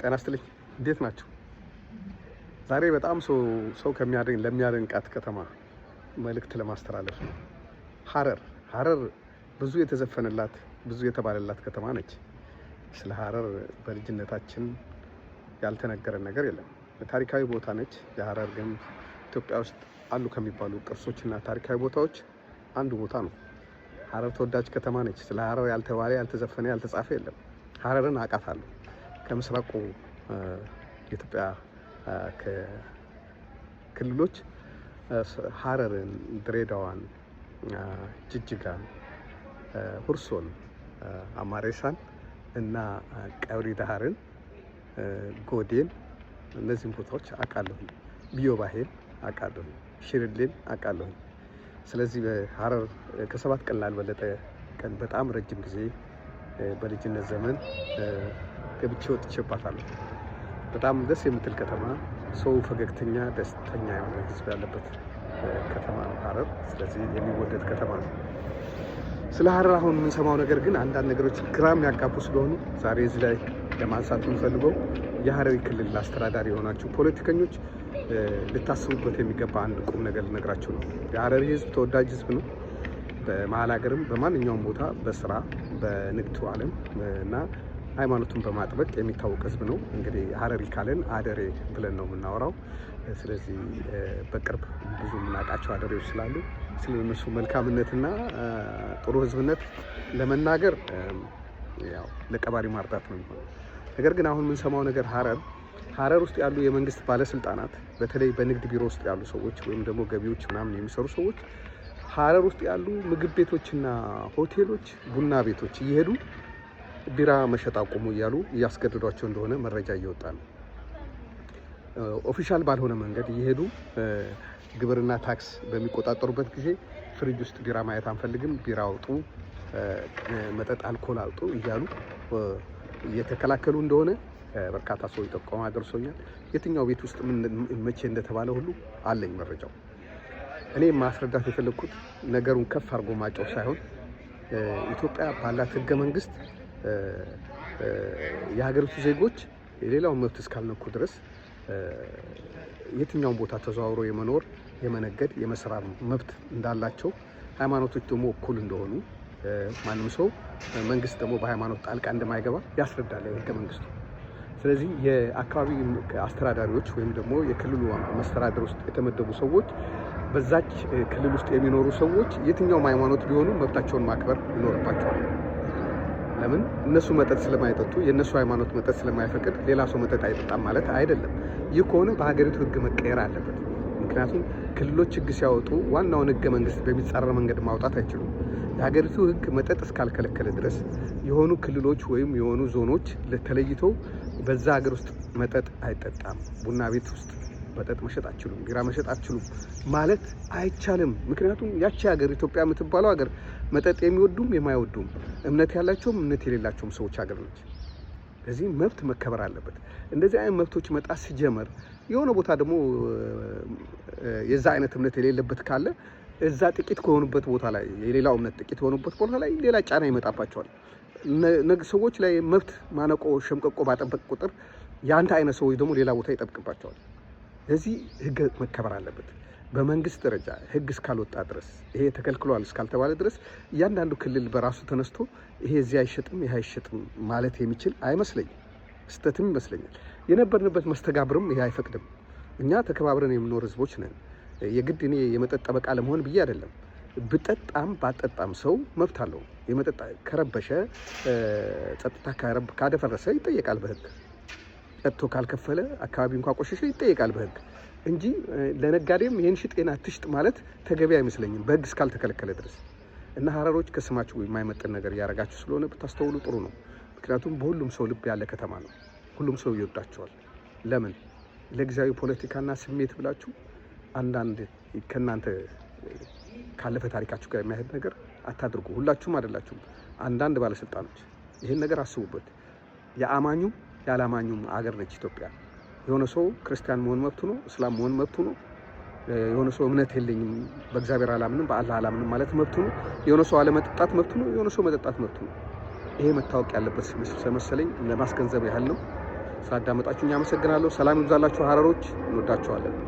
ጤና ይስጥልኝ። እንዴት ናቸው? ዛሬ በጣም ሰው ከሚያደኝ ለሚያደንቃት ከተማ መልእክት ለማስተላለፍ ነው። ሀረር ሀረር ብዙ የተዘፈነላት ብዙ የተባለላት ከተማ ነች። ስለ ሀረር በልጅነታችን ያልተነገረን ነገር የለም። ታሪካዊ ቦታ ነች። የሀረር ግንብ ኢትዮጵያ ውስጥ አሉ ከሚባሉ ቅርሶችና ታሪካዊ ቦታዎች አንዱ ቦታ ነው። ሀረር ተወዳጅ ከተማ ነች። ስለ ሀረር ያልተባለ ያልተዘፈነ፣ ያልተጻፈ የለም። ሀረርን አውቃታለሁ። ከምስራቁ የኢትዮጵያ ክልሎች ሀረርን ድሬዳዋን፣ ጅጅጋን፣ ሁርሶን፣ አማሬሳን እና ቀብሪ ዳህርን፣ ጎዴን እነዚህን ቦታዎች አውቃለሁ። ቢዮባሄል አውቃለሁ። ሽርሌን አውቃለሁ። ስለዚህ በሀረር ከሰባት ቀን ላልበለጠ ቀን በጣም ረጅም ጊዜ በልጅነት ዘመን ገብቼ ወጥቼባታለሁ። በጣም ደስ የምትል ከተማ፣ ሰው ፈገግተኛ፣ ደስተኛ የሆነ ህዝብ ያለበት ከተማ ነው ሀረር። ስለዚህ የሚወደድ ከተማ ነው። ስለ ሀረር አሁን የምንሰማው ነገር ግን አንዳንድ ነገሮች ግራም ያጋቡ ስለሆኑ ዛሬ እዚህ ላይ ለማንሳት የምፈልገው የሀረሪ ክልል አስተዳዳሪ የሆናችሁ ፖለቲከኞች ልታስቡበት የሚገባ አንድ ቁም ነገር ልነግራችሁ ነው። የሀረሪ ህዝብ ተወዳጅ ህዝብ ነው። በመሀል ሀገርም በማንኛውም ቦታ በስራ በንግዱ አለም እና ሃይማኖቱን በማጥበቅ የሚታወቅ ህዝብ ነው። እንግዲህ ሀረሪ ካለን አደሬ ብለን ነው የምናወራው። ስለዚህ በቅርብ ብዙ የምናውቃቸው አደሬዎች ስላሉ ስለ እነሱ መልካምነትና ጥሩ ህዝብነት ለመናገር ያው ለቀባሪ ማርዳት ነው የሚሆነው። ነገር ግን አሁን የምንሰማው ነገር ሀረር ሀረር ውስጥ ያሉ የመንግስት ባለስልጣናት በተለይ በንግድ ቢሮ ውስጥ ያሉ ሰዎች ወይም ደግሞ ገቢዎች ምናምን የሚሰሩ ሰዎች ሀረር ውስጥ ያሉ ምግብ ቤቶችና ሆቴሎች፣ ቡና ቤቶች እየሄዱ ቢራ መሸጥ አቁሙ እያሉ እያስገድዷቸው እንደሆነ መረጃ እየወጣ ነው። ኦፊሻል ባልሆነ መንገድ እየሄዱ ግብርና ታክስ በሚቆጣጠሩበት ጊዜ ፍሪጅ ውስጥ ቢራ ማየት አንፈልግም፣ ቢራ አውጡ፣ መጠጥ አልኮል አውጡ እያሉ እየተከላከሉ እንደሆነ በርካታ ሰው ጠቆማ ደርሶኛል። የትኛው ቤት ውስጥ መቼ እንደተባለ ሁሉ አለኝ መረጃው። እኔ ማስረዳት የፈለግኩት ነገሩን ከፍ አድርጎ ማጫው ሳይሆን ኢትዮጵያ ባላት ህገ መንግስት የሀገሪቱ ዜጎች የሌላውን መብት እስካልነኩ ድረስ የትኛውን ቦታ ተዘዋውሮ የመኖር የመነገድ፣ የመስራ መብት እንዳላቸው ሃይማኖቶች ደግሞ እኩል እንደሆኑ ማንም ሰው መንግስት ደግሞ በሃይማኖት ጣልቃ እንደማይገባ ያስረዳል ህገ መንግስቱ። ስለዚህ የአካባቢ አስተዳዳሪዎች ወይም ደግሞ የክልሉ መስተዳደር ውስጥ የተመደቡ ሰዎች በዛች ክልል ውስጥ የሚኖሩ ሰዎች የትኛውም ሃይማኖት ቢሆኑ መብታቸውን ማክበር ይኖርባቸዋል። ለምን እነሱ መጠጥ ስለማይጠጡ የእነሱ ሃይማኖት መጠጥ ስለማይፈቅድ ሌላ ሰው መጠጥ አይጠጣም ማለት አይደለም። ይህ ከሆነ በሀገሪቱ ህግ መቀየር አለበት። ምክንያቱም ክልሎች ህግ ሲያወጡ ዋናውን ህገ መንግስት በሚጻረር መንገድ ማውጣት አይችሉም። የሀገሪቱ ህግ መጠጥ እስካልከለከለ ድረስ የሆኑ ክልሎች ወይም የሆኑ ዞኖች ተለይተው በዛ ሀገር ውስጥ መጠጥ አይጠጣም ቡና ቤት ውስጥ መጠጥ መሸጥ አችሉም፣ ቢራ መሸጥ አችሉም ማለት አይቻልም። ምክንያቱም ያቺ ሀገር ኢትዮጵያ የምትባለው ሀገር መጠጥ የሚወዱም የማይወዱም እምነት ያላቸውም እምነት የሌላቸውም ሰዎች ሀገር ነች። እዚህ መብት መከበር አለበት። እንደዚህ አይነት መብቶች መጣ ሲጀመር የሆነ ቦታ ደግሞ የዛ አይነት እምነት የሌለበት ካለ እዛ ጥቂት ከሆኑበት ቦታ ላይ የሌላው እምነት ጥቂት ከሆኑበት ቦታ ላይ ሌላ ጫና ይመጣባቸዋል። ሰዎች ላይ መብት ማነቆ ሸምቀቆ ባጠበቅ ቁጥር የአንተ አይነት ሰዎች ደግሞ ሌላ ቦታ ይጠብቅባቸዋል። እዚህ ህግ መከበር አለበት። በመንግስት ደረጃ ህግ እስካልወጣ ድረስ ይሄ ተከልክሏል እስካልተባለ ድረስ እያንዳንዱ ክልል በራሱ ተነስቶ ይሄ እዚህ አይሸጥም ይሄ አይሸጥም ማለት የሚችል አይመስለኝም። ስህተትም ይመስለኛል። የነበርንበት መስተጋብርም ይሄ አይፈቅድም። እኛ ተከባብረን የምኖር ህዝቦች ነን። የግድ እኔ የመጠጥ ጠበቃ ለመሆን ብዬ አይደለም። ብጠጣም ባጠጣም ሰው መብት አለው። የመጠጥ ከረበሸ፣ ጸጥታ ካደፈረሰ ይጠየቃል በህግ ቀጥቶ ካልከፈለ አካባቢ እንኳ ቆሸሸ ይጠየቃል በህግ እንጂ ለነጋዴም ይህን ሽጥ ይህን ትሽጥ ማለት ተገቢ አይመስለኝም በህግ እስካልተከለከለ ድረስ እና ሀረሮች ከስማችሁ የማይመጥን ነገር እያደረጋችሁ ስለሆነ ብታስተውሉ ጥሩ ነው። ምክንያቱም በሁሉም ሰው ልብ ያለ ከተማ ነው። ሁሉም ሰው ይወዳቸዋል። ለምን ለጊዜያዊ ፖለቲካና ስሜት ብላችሁ አንዳንድ ከእናንተ ካለፈ ታሪካችሁ ጋር የሚያሄድ ነገር አታድርጉ። ሁላችሁም አይደላችሁም። አንዳንድ ባለስልጣኖች ይህን ነገር አስቡበት። የአማኙ ያላማኙም አገር ነች ኢትዮጵያ። የሆነ ሰው ክርስቲያን መሆን መብቱ ነው፣ እስላም መሆን መብቱ ነው። የሆነ ሰው እምነት የለኝም በእግዚአብሔር አላምንም በአላህ አላምንም ማለት መብቱ ነው። የሆነ ሰው አለመጠጣት መብቱ ነው። የሆነ ሰው መጠጣት መብቱ ነው። ይሄ መታወቅ ያለበት ስለመሰለኝ ለማስገንዘብ ያህል ነው። ሳዳመጣችሁኝ አመሰግናለሁ። ሰላም ይብዛላችሁ። ሀረሮች እንወዳችኋለን።